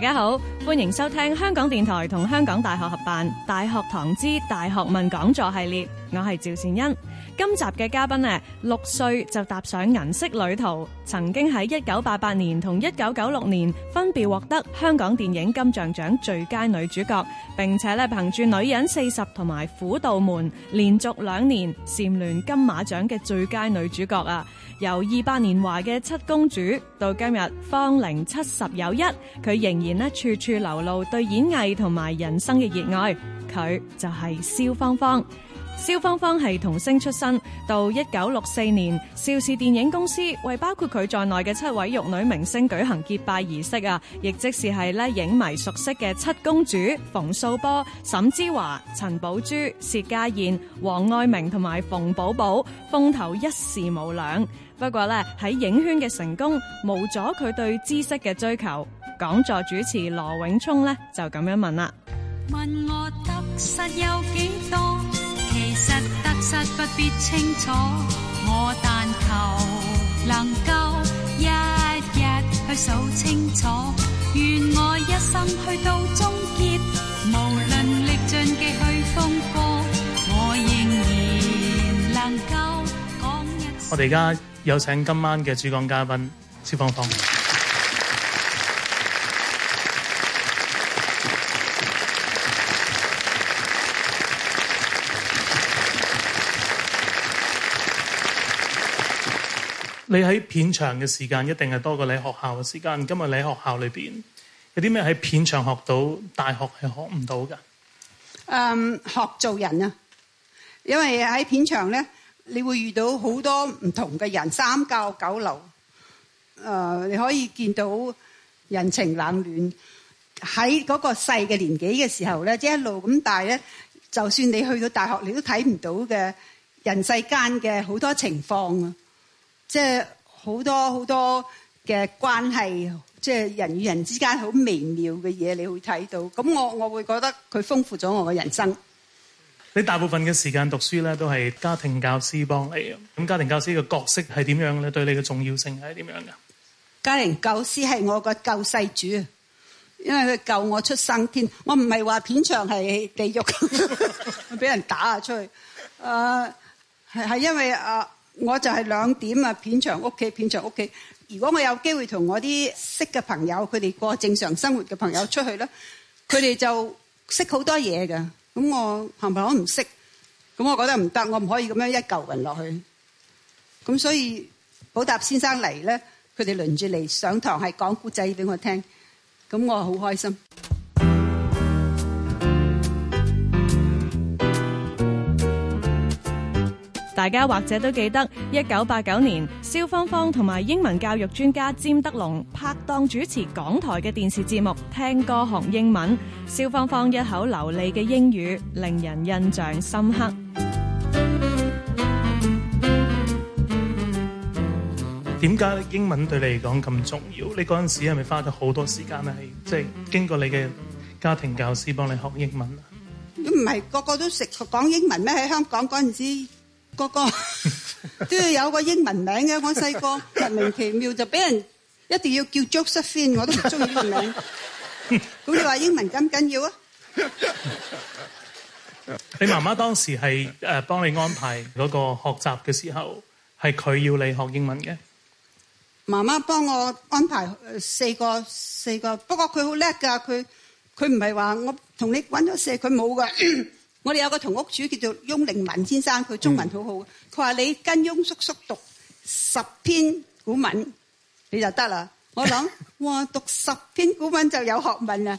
大家好，歡迎收聽香港電台同香港大學合辦《大學堂之大學問講座》系列，我係趙善恩。今集嘅嘉賓六歲就踏上銀色旅途，曾經喺一九八八年同一九九六年分別獲得香港電影金像獎最佳女主角，並且咧憑住《女人四十》同埋《虎度門》連續兩年蟬聯金馬獎嘅最佳女主角啊！由二八年華嘅七公主到今日芳齡七十有一，佢仍然呢處處流露對演藝同埋人生嘅熱愛，佢就係蕭芳芳。蕭芳芳係童星出身，到一九六四年，邵氏電影公司為包括佢在內嘅七位玉女明星舉行結拜儀式啊！亦即是係咧影迷熟悉嘅七公主：馮素波、沈芝華、陳寶珠、薛家燕、王愛明同埋馮寶寶，風頭一時無兩。不過呢，喺影圈嘅成功，無阻佢對知識嘅追求。講座主持羅永聰呢，就咁樣問啦。問我得失有幾多？得實實不必清楚，我但求能夠一日去數清楚，願我一生去到終結，無論歷盡幾許風波，我仍然能夠講一次。我哋而家有請今晚嘅主講嘉賓蕭芳芳。你喺片場嘅時間一定係多過你學校嘅時間。今日你喺學校裏邊有啲咩喺片場學到，大學係學唔到噶？嗯，學做人啊！因為喺片場咧，你會遇到好多唔同嘅人，三教九流。誒、呃，你可以見到人情冷暖。喺嗰個細嘅年紀嘅時候咧，即係一路咁大咧。就算你去到大學，你都睇唔到嘅人世間嘅好多情況啊！即係好多好多嘅關係，即係人與人之間好微妙嘅嘢，你會睇到。咁我我會覺得佢豐富咗我嘅人生。你大部分嘅時間讀書咧，都係家庭教師幫你咁。家庭教師嘅角色係點樣咧？對你嘅重要性係點樣嘅？家庭教師係我個救世主，因為佢救我出生天。我唔係話片場係地獄，我 俾 人打啊出去。誒係係因為啊。呃我就係兩點啊，片場屋企，片場屋企。如果我有機會同我啲識嘅朋友，佢哋過正常生活嘅朋友出去咧，佢哋就識好多嘢㗎。咁我係咪我唔識？咁我覺得唔得，我唔可以咁樣一嚿雲落去。咁所以，寶達先生嚟咧，佢哋輪住嚟上堂，係講古仔俾我聽。咁我好開心。大家或者都記得一九八九年，蕭芳芳同埋英文教育專家詹德龍拍檔主持港台嘅電視節目《聽歌學英文》。蕭芳芳一口流利嘅英語令人印象深刻。點解英文對你嚟講咁重要？你嗰陣時係咪花咗好多時間呢，即係經過你嘅家庭教師幫你學英文？噉唔係個個都識講英文咩？喺香港嗰陣時。個個都要有個英文名嘅，我細個莫名其妙就俾人一定要叫 Josephine，我都唔中意個名。咁你話英文咁緊要啊？你媽媽當時係誒幫你安排嗰個學習嘅時候，係佢要你學英文嘅。媽媽幫我安排四個四個，不過佢好叻噶，佢佢唔係話我同你揾咗社，佢冇噶。我哋有個同屋主叫做翁凌文先生，佢中文好好。佢、嗯、話：你跟翁叔叔讀十篇古文，你就得啦。我諗，哇！讀十篇古文就有學問啦。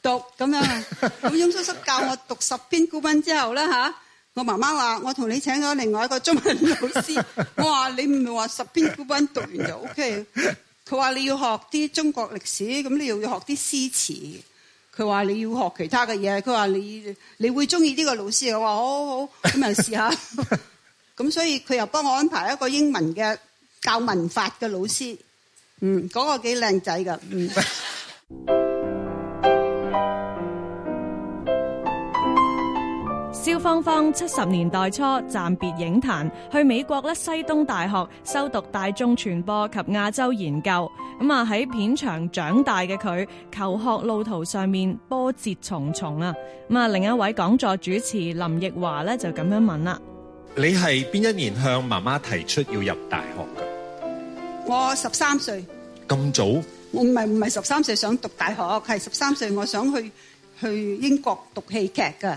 讀咁樣，咁 翁叔叔教我讀十篇古文之後咧吓，我媽媽話：我同你請咗另外一個中文老師。我話：你唔係話十篇古文讀完就 OK？佢話：你要學啲中國歷史，咁你又要學啲詩詞。佢話，你要學其他嘅嘢，佢話，你你會中意呢個老師，我話好，好咁又試下，咁 所以佢又幫我安排一個英文嘅教文法嘅老師，嗯，嗰、嗰個幾靚仔噶，嗯。 芳芳七十年代初暫別影壇，去美國咧西東大學修讀大眾傳播及亞洲研究。咁啊喺片場長大嘅佢，求學路途上面波折重重啊！咁、嗯、啊，另一位講座主持林奕華咧就咁樣問啦：你係邊一年向媽媽提出要入大學嘅？我十三歲。咁早？我唔係唔係十三歲想讀大學，係十三歲我想去去英國讀戲劇噶。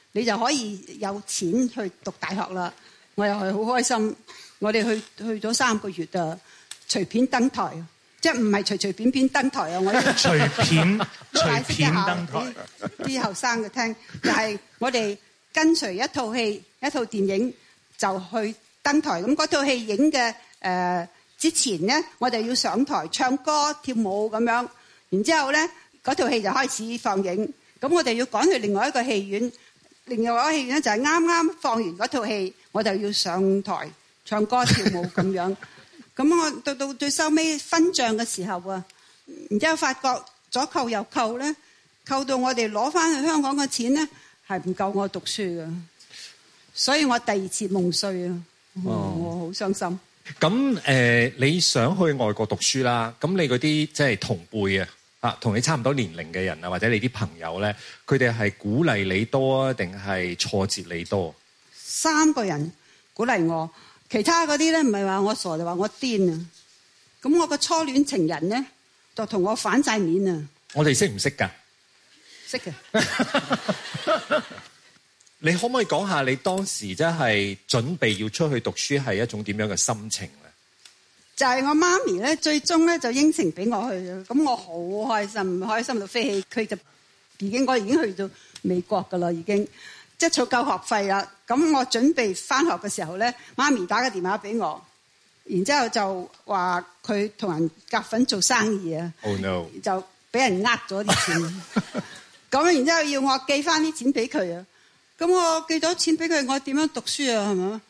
你就可以有錢去讀大學啦！我又係好開心。我哋去去咗三個月啊，隨片登台，即係唔係隨隨便便登台啊！我隨片隨片登台，啲後生嘅，聽，就係我哋跟隨一套戲一套電影就去登台。咁嗰套戲影嘅誒之前咧，我哋要上台唱歌跳舞咁樣，然之後咧嗰套戲就開始放映。咁我哋要趕去另外一個戲院。另外一齣戲咧，就係啱啱放完嗰套戲，我就要上台唱歌跳舞咁樣。咁 我到到最收尾分賬嘅時候啊，然之後發覺左扣右扣咧，扣到我哋攞翻去香港嘅錢咧，係唔夠我讀書噶。所以我第二次夢碎啊，哦，我好傷心。咁誒、呃，你想去外國讀書啦？咁你嗰啲即係同輩啊？啊，同你差唔多年齡嘅人啊，或者你啲朋友咧，佢哋係鼓勵你多定係挫折你多？三個人鼓勵我，其他嗰啲咧，唔係話我傻就話我癲啊！咁我個初戀情人咧就同我反晒面啊！我哋識唔識噶？識嘅。 你可唔可以講下你當時即係準備要出去讀書係一種點樣嘅心情？但、就、係、是、我媽咪咧，最終咧就應承俾我去，咁我好開心，唔開心到飛起。佢就已經我已經去到美國噶啦，已經即係儲夠學費啦。咁我準備翻學嘅時候咧，媽咪打個電話俾我，然之後就話佢同人夾份做生意啊，oh, no. 就俾人呃咗啲錢。咁 然之後要我寄翻啲錢俾佢啊。咁我寄咗錢俾佢，我點樣讀書啊？係咪啊？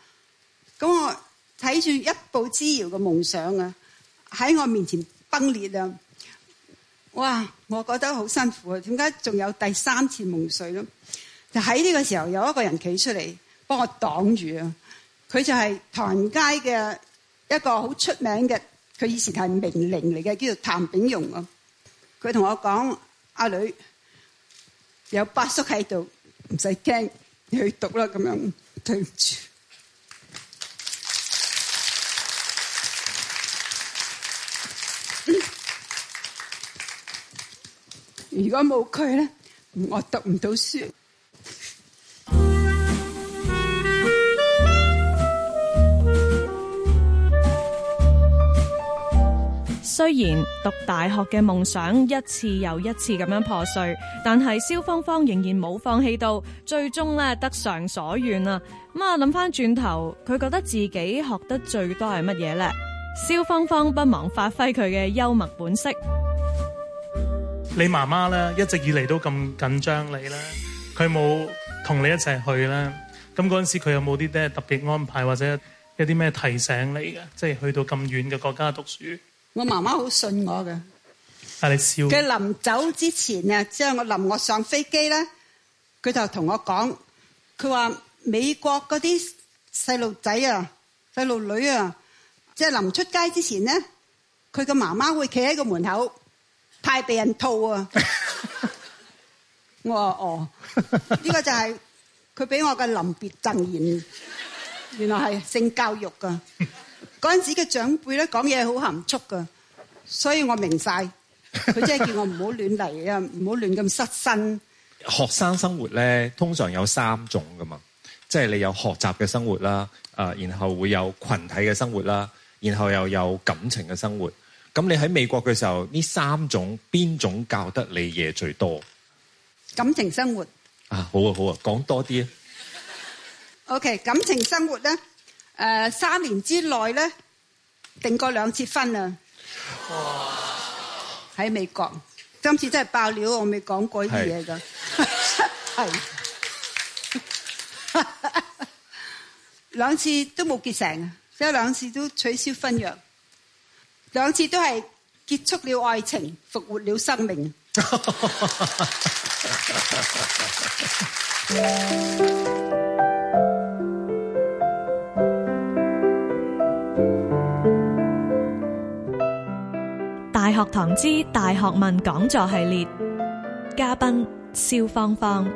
咁我。睇住一步之遙嘅夢想啊，喺我面前崩裂啊！哇，我覺得好辛苦啊！點解仲有第三次夢碎咯？就喺呢個時候，有一個人企出嚟幫我擋住啊！佢就係唐人街嘅一個好出名嘅，佢以前係名伶嚟嘅，叫做譚炳榮啊！佢同我講：阿女有八叔喺度，唔使驚，你去讀啦。咁樣對唔住。如果冇佢呢，我讀唔到書。雖然讀大學嘅夢想一次又一次咁樣破碎，但係蕭芳芳仍然冇放棄到，最終呢得償所願啊！咁啊諗翻轉頭，佢覺得自己學得最多係乜嘢呢？蕭芳芳不忘發揮佢嘅幽默本色。你媽媽咧，一直以嚟都咁緊張你咧，佢冇同你一齊去啦。咁嗰陣時佢有冇啲咩特別安排或者有啲咩提醒你嘅？即係去到咁遠嘅國家讀書。我媽媽好信我嘅。但你笑佢臨走之前呀，即係我臨我上飛機咧，佢就同我講，佢話美國嗰啲細路仔啊、細路女啊，即係臨出街之前咧，佢嘅媽媽會企喺個門口。太被人套啊！我話哦，呢個就係佢俾我嘅臨別贈言，原來係性教育噶。嗰陣時嘅長輩咧講嘢好含蓄噶，所以我明晒。佢即係叫我唔好亂嚟啊，唔好亂咁失身。學生生活咧，通常有三種噶嘛，即係你有學習嘅生活啦，啊，然後會有群體嘅生活啦，然後又有感情嘅生活。咁你喺美國嘅時候，呢三種邊種教得你嘢最多？感情生活啊，好啊好啊，講多啲啊。OK，感情生活咧，誒，三年之內咧，定過兩次婚啊。哇！喺美國，今次真係爆料，我未講過呢啲嘢噶。係。兩次都冇結成啊，即有兩次都取消婚約。兩次都係結束了愛情，復活了生命。大學堂之大學問講座系列，嘉賓蕭芳芳。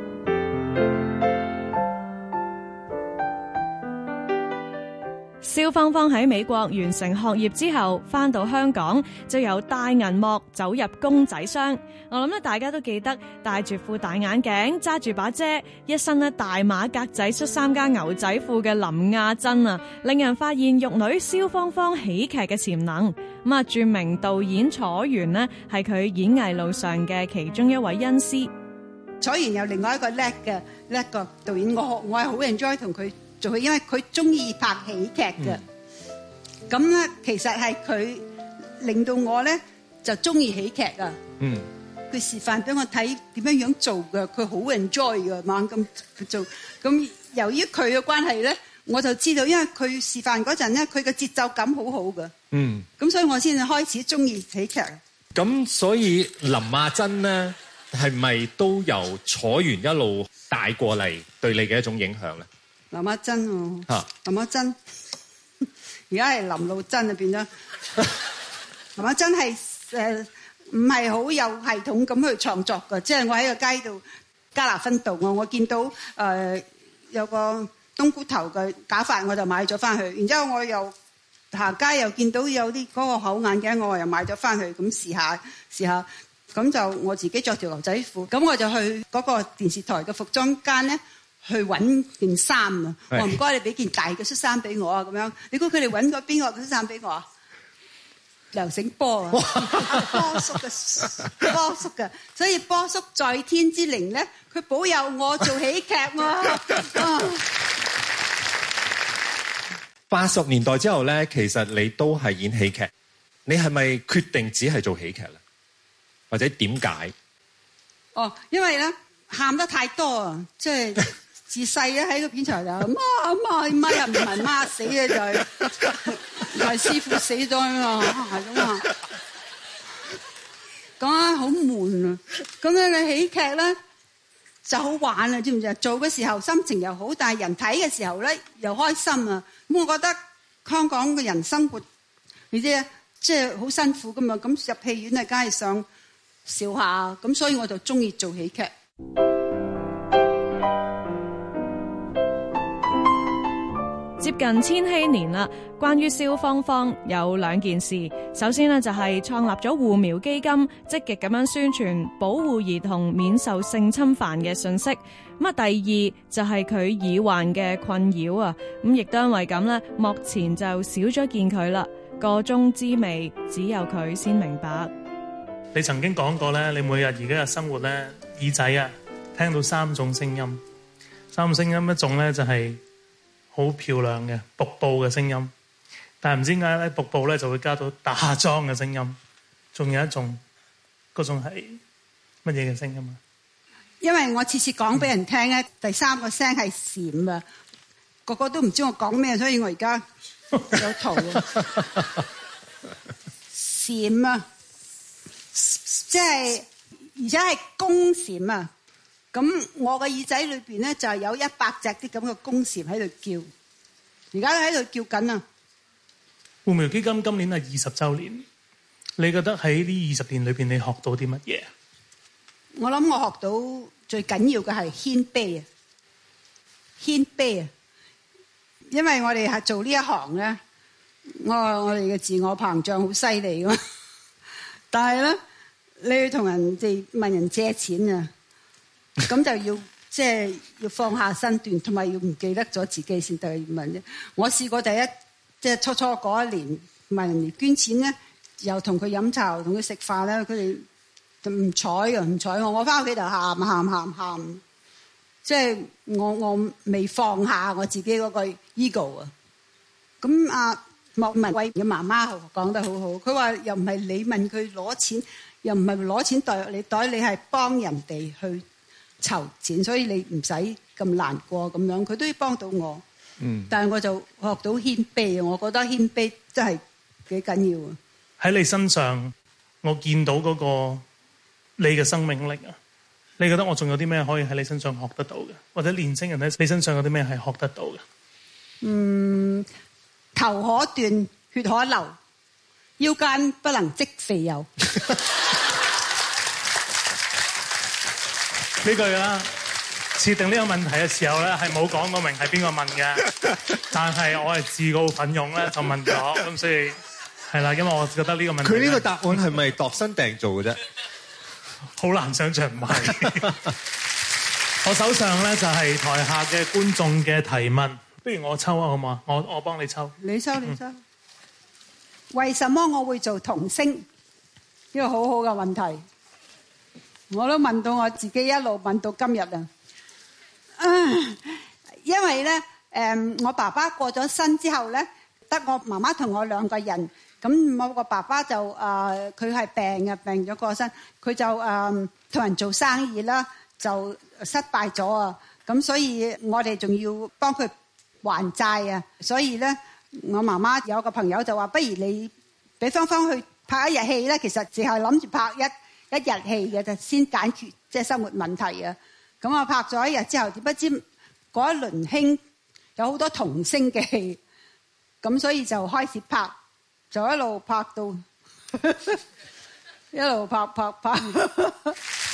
蕭芳芳喺美國完成學業之後，翻到香港就由大銀幕走入公仔箱。我諗咧，大家都記得戴住副大眼鏡、揸住把遮、一身大馬格仔、恤衫加牛仔褲嘅林亞珍啊，令人發現玉女蕭芳芳喜劇嘅潛能。咁啊，著名導演楚原咧係佢演藝路上嘅其中一位恩師。楚原有另外一個叻嘅叻個導演，我我係好 enjoy 同佢。做佢，因為佢中意拍喜劇嘅，咁咧其實係佢令到我咧就中意喜劇啊。嗯，佢、嗯、示範俾我睇點樣樣做嘅，佢好 enjoy 嘅，猛咁做。咁由於佢嘅關係咧，我就知道，因為佢示範陣咧，佢嘅節奏感好好嘅。嗯，咁所以我先至開始中意喜劇。咁所以林阿珍咧，係咪都由楚原一路帶過嚟，對你嘅一種影響咧？林阿珍喎，林阿珍，而家係林老珍啊，變咗。林阿珍係誒，唔係好有系統咁去創作嘅，即係我喺個街度加拿芬道我，我見到誒有個冬菇頭嘅假髮，我就買咗翻去。然之後我又行街又見到有啲嗰個口眼鏡，我又買咗翻去，咁試下試下，咁就我自己著條牛仔褲，咁我就去嗰個電視台嘅服裝間咧。去搵件衫啊，我唔該你俾件大嘅恤衫俾我啊。咁樣，你估佢哋搵個邊個恤衫俾我？啊？梁醒波啊， 波叔嘅，波叔嘅，所以波叔在天之靈咧，佢保佑我做喜劇啊、哦！八 十、哦、年代之後咧，其實你都係演喜劇，你係咪決定只係做喜劇咧？或者點解？哦，因為咧，喊得太多啊，即係。 自細咧喺個片場就阿媽阿媽，媽又唔係媽死嘅就係、唔係、師傅死咗啊嘛，係咁啊講啊，好悶啊。咁樣嘅喜劇咧就好玩啊，知唔知啊？做嘅時候心情又好，但係人睇嘅時候咧又開心啊。咁我覺得香港嘅人生活，你知啊，即係好辛苦噶嘛，咁入戲院啊梗係想笑下，咁所以我就中意做喜劇。接近千禧年啦，關於蕭芳芳有兩件事。首先呢，就係創立咗護苗基金，積極咁樣宣傳保護兒童免受性侵犯嘅信息。咁啊，第二就係佢耳患嘅困擾啊。咁亦都因為咁呢，目前就少咗見佢啦。個中滋味只有佢先明白。你曾經講過呢，你每日而家嘅生活呢，耳仔啊聽到三種聲音。三種聲音一種呢就係。好漂亮嘅瀑布嘅聲音，但唔知點解咧瀑布咧就會加到打樁嘅聲音，仲有一種嗰種係乜嘢嘅聲音啊？因為我次次講俾人聽咧，第三個聲係閃啊，個個都唔知我講咩，所以我而家有圖啊，閃啊，即係而且係弓閃啊。咁我嘅耳仔裏邊咧就係有一百隻啲咁嘅弓蟬喺度叫，而家都喺度叫緊啊！護苗基金今年係二十周年，你覺得喺呢二十年裏邊你學到啲乜嘢？我諗我學到最緊要嘅係謙卑啊，謙卑啊！因為我哋係做呢一行咧，我我哋嘅自我膨脹好犀利噶嘛，但係咧你要同人哋問人借錢啊！咁 就要即係、就是、要放下身段，同埋要唔記得咗自己先得問啫。我試過第一即係、就是、初初嗰一年問人哋捐錢咧，又同佢飲茶，同佢食飯咧，佢哋就唔睬嘅，唔睬我,、就是、我。我翻屋企就喊喊喊喊，即係我我未放下我自己嗰句 ego 啊。咁阿莫文蔚嘅媽媽講得好好，佢話又唔係你問佢攞錢，又唔係攞錢袋你袋，你係幫人哋去。籌錢，所以你唔使咁難過咁樣，佢都要幫到我。嗯，但係我就學到謙卑啊，我覺得謙卑真係幾緊要啊。喺你身上，我見到嗰個你嘅生命力啊！你覺得我仲有啲咩可以喺你身上學得到嘅？或者年輕人喺你身上有啲咩係學得到嘅？嗯，頭可斷，血可流，腰間不能積肥油。 呢句啦，設定呢個問題嘅時候咧，係冇講到明係邊個問嘅，但係我係自告奮勇咧就問咗，咁所以係啦，因為我覺得呢個問題佢呢個答案係咪度身訂做嘅啫？好 難想象唔係。不是 我手上咧就係台下嘅觀眾嘅提問，不如我抽啊好嘛？我我幫你抽，你抽你抽、嗯。為什麼我會做童星？呢、這個很好好嘅問題。我都問到我自己一路問到今日啊，因為呢誒，我爸爸過咗身之後呢，得我媽媽同我兩個人。咁我個爸爸就誒，佢係病呀，病咗過身。佢就誒同人做生意啦，就失敗咗啊。咁所以我哋仲要幫佢還債啊。所以呢，我媽媽有個朋友就話：不如你俾芳芳去拍一日戲呢。其實只係諗住拍一。一日戲嘅就先解決，即係、就是、生活問題啊！咁我拍咗一日之後，點不知嗰一輪興有好多童星嘅戲，咁所以就開始拍，就一路拍到 一路拍拍拍。拍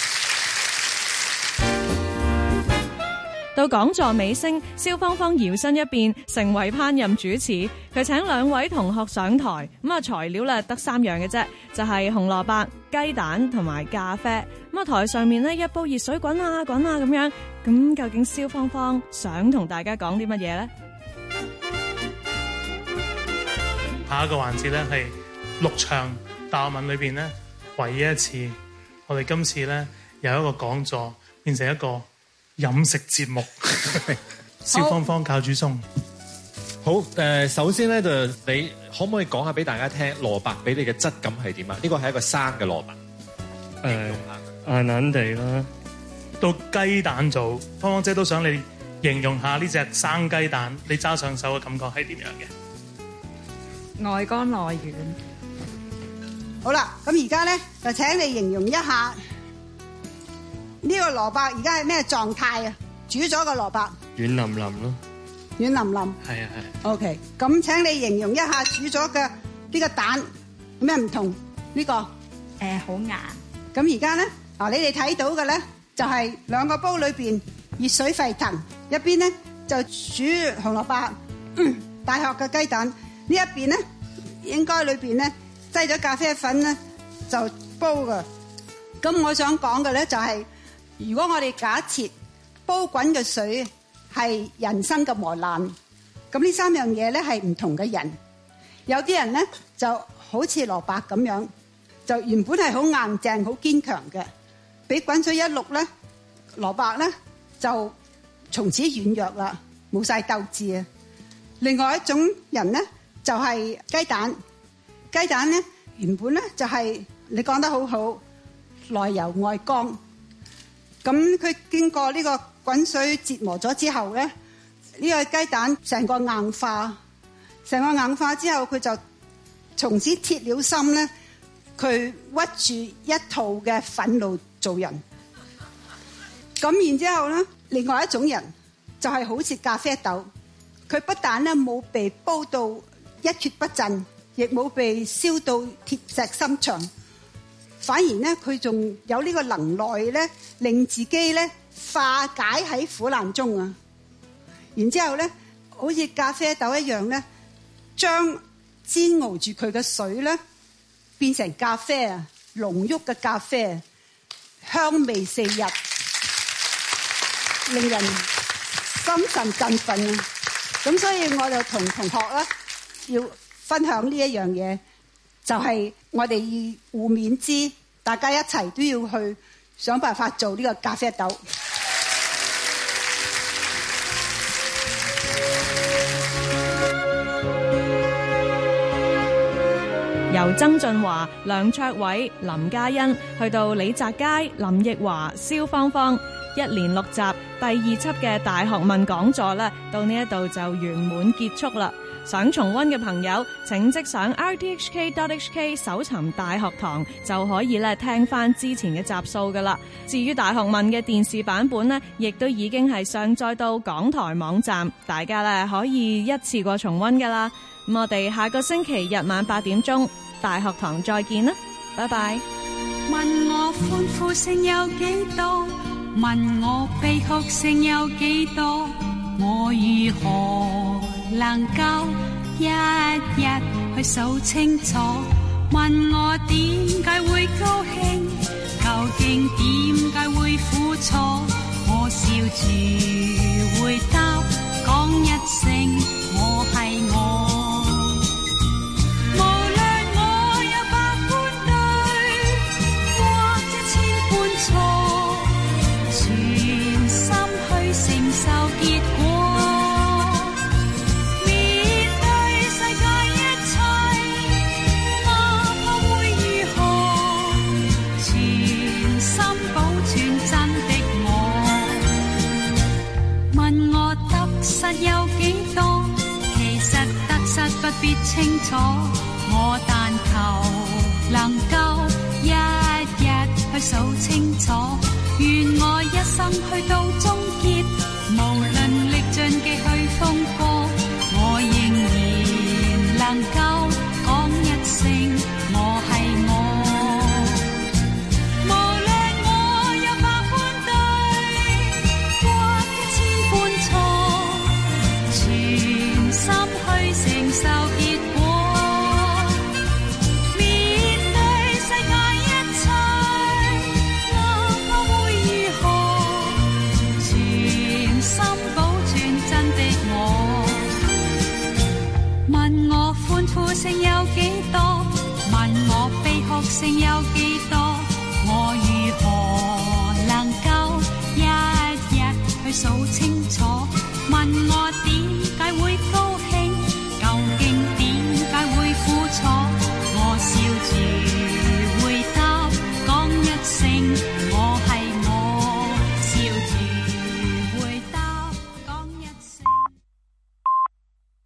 到講座尾聲，蕭芳芳搖身一變成為烹飪主持。佢請兩位同學上台，咁啊材料咧，得三樣嘅啫，就係、是、紅蘿蔔、雞蛋同埋咖啡。咁啊台上面呢一煲熱水滾啊滾啊咁樣。咁究竟蕭芳芳想同大家講啲乜嘢呢？下一個環節咧，係六場大學問裏邊咧，唯一一次，我哋今次咧，由一個講座變成一個。飲食節目，蕭 芳芳教煮餸。好，誒、呃，首先咧就你可唔可以講下俾大家聽，蘿蔔俾你嘅質感係點啊？呢個係一個生嘅蘿蔔，形容下硬硬地啦。到雞蛋做，芳芳姐都想你形容下呢隻生雞蛋，你揸上手嘅感覺係點樣嘅？外乾內軟、嗯。好啦，咁而家咧就請你形容一下。呢個蘿蔔而家係咩狀態啊？煮咗個蘿蔔，軟腍腍咯，軟腍腍，係啊係。OK，咁請你形容一下煮咗嘅呢個蛋有咩唔同呢個？誒、嗯，好硬。咁而家咧，啊你哋睇到嘅咧，就係兩個煲裏邊熱水沸騰，一邊咧就煮紅蘿蔔、大殼嘅雞蛋，呢一邊咧應該裏邊咧擠咗咖啡粉咧就煲㗎。咁我想講嘅咧就係。如果我哋假設煲滾嘅水係人生嘅磨難，咁呢三樣嘢咧係唔同嘅人。有啲人咧就好似蘿蔔咁樣，就原本係好硬淨、好堅強嘅，俾滾水一碌咧，蘿蔔咧就從此軟弱啦，冇晒鬥志啊。另外一種人咧就係雞蛋，雞蛋咧原本咧就係你講得好好，內柔外剛。咁佢經過呢個滾水折磨咗之後咧，呢個雞蛋成個硬化，成個硬化之後佢就從此鐵了心咧，佢屈住一套嘅憤怒做人。咁然之後咧，另外一種人就係好似咖啡豆，佢不但咧冇被煲到一蹶不振，亦冇被燒到鐵石心腸。反而咧，佢仲有呢個能耐咧，令自己咧化解喺苦難中啊！然之後咧，好似咖啡豆一樣咧，將煎熬住佢嘅水咧，變成咖啡啊，濃郁嘅咖啡，香味四溢，令人心神振奮啊！咁所以我就同同學咧，要分享呢一樣嘢，就係。我哋互勉之，大家一齊都要去想辦法做呢個咖啡豆。由曾俊華、梁卓偉、林嘉欣，去到李澤佳、林奕華、蕭芳芳，一連六集第二輯嘅大學問講座咧，到呢一度就圓滿結束啦。想重温嘅朋友，請即上 rthk.hk 搜尋大學堂就可以咧，聽翻之前嘅集數噶啦。至於大學問嘅電視版本呢，亦都已經係上載到港台網站，大家咧可以一次過重温噶啦。咁我哋下個星期日晚八點鐘大學堂再見啦，拜拜。問我歡呼聲有幾多？問我悲哭聲有幾多？我如何？能夠一日去數清楚，問我點解會高興，究竟點解會苦楚，我笑住回答，講一聲。有幾多？其實得失不必清楚，我但求能夠一日去數清楚。願我一生去到終結，無論歷盡幾許。